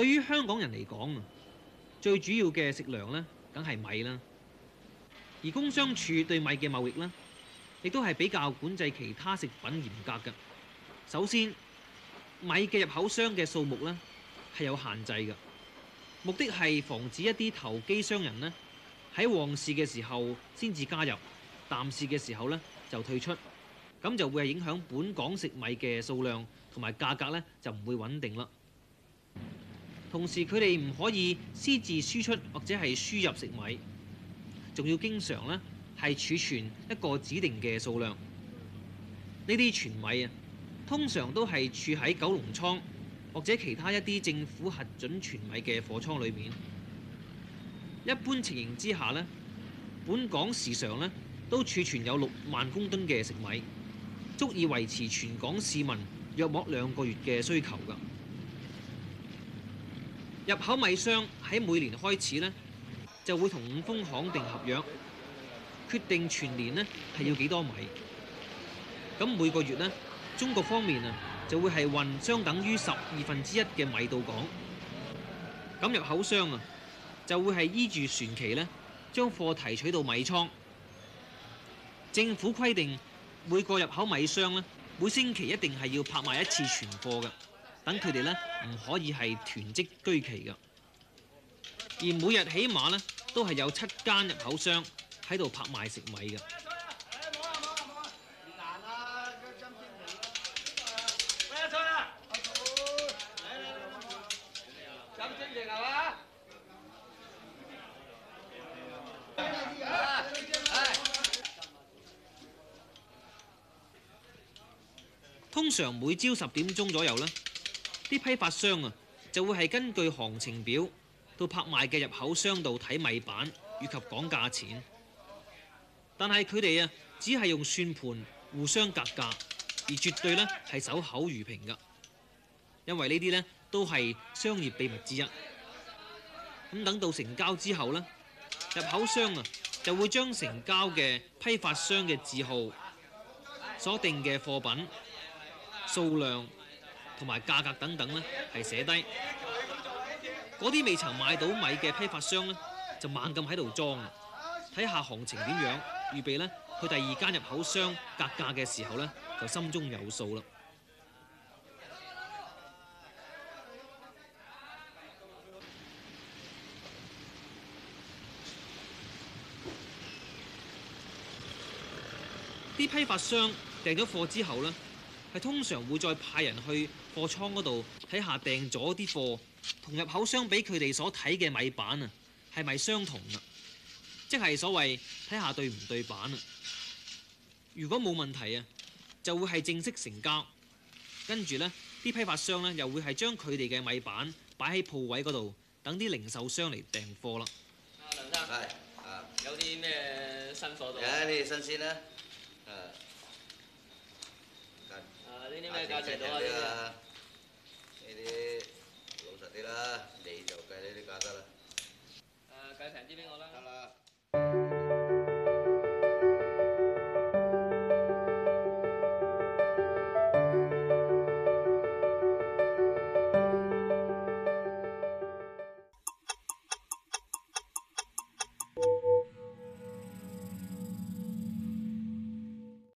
對於香港人嚟講，最主要嘅食糧呢，梗係米啦。而工商署對米嘅貿易呢，亦都係比較管制其他食品嚴格嘅。首先，米嘅入口商嘅數目呢係有限制嘅，目的係防止一啲投機商人呢喺旺市嘅時候先至加入，淡市嘅時候呢就退出，咁就會係影響本港食米嘅數量同埋價格呢，就唔會穩定啦。同時，佢哋唔可以私自輸出或者係輸入食米，仲要經常咧係儲存一個指定嘅數量。呢啲存米啊，通常都係儲喺九龍倉或者其他一啲政府核准存米嘅貨倉裏面。一般情形之下呢，本港時常咧都儲存有六萬公噸嘅食米，足以維持全港市民約莫兩個月嘅需求㗎。入口米商喺每年開始咧，就會同五豐行訂合約，決定全年呢係要幾多米。咁每個月呢，中國方面啊就會係運相等於十二分之一嘅米到港。咁入口商啊就會係依住船期呢，將貨提取到米倉。政府規定每個入口米商呢，每星期一定係要拍賣一次存貨嘅。等佢哋咧，唔可以係囤積居奇嘅，而每日起碼咧，都係有七間入口商喺度拍賣食米嘅。通常每朝十點鐘左右呢。啲批發商啊，就會係根據行情表到拍賣嘅入口商度睇米板以及講價錢，但係佢哋啊，只係用算盤互相格價，而絕對呢，係守口如瓶嘅，因為呢啲呢，都係商業秘密之一。咁等到成交之後呢，入口商啊就會將成交嘅批發商嘅字號、所定嘅貨品數量。同埋價格等等咧，係寫低。嗰啲未曾買到米嘅批發商咧，就猛咁喺度裝，睇下行情點樣，預備咧去第二間入口商格價嘅時候咧，就心中有數啦。啲批發商訂咗貨之後咧。係通常會再派人去貨倉嗰度睇下訂咗啲貨同入口相比，佢哋所睇嘅米板啊，係咪相同啦？即係所謂睇下對唔對版啊！如果冇問題啊，就會係正式成交。跟住呢啲批發商咧又會係將佢哋嘅米板擺喺鋪位嗰度，等啲零售商嚟訂貨啦。阿林生，有啲咩新貨度？有呢啲新鮮呢？啊呢啲咩價錢？價了啊？呢啲老實啲啦，你就計呢啲價得啦。誒、啊，計成啲俾我啦。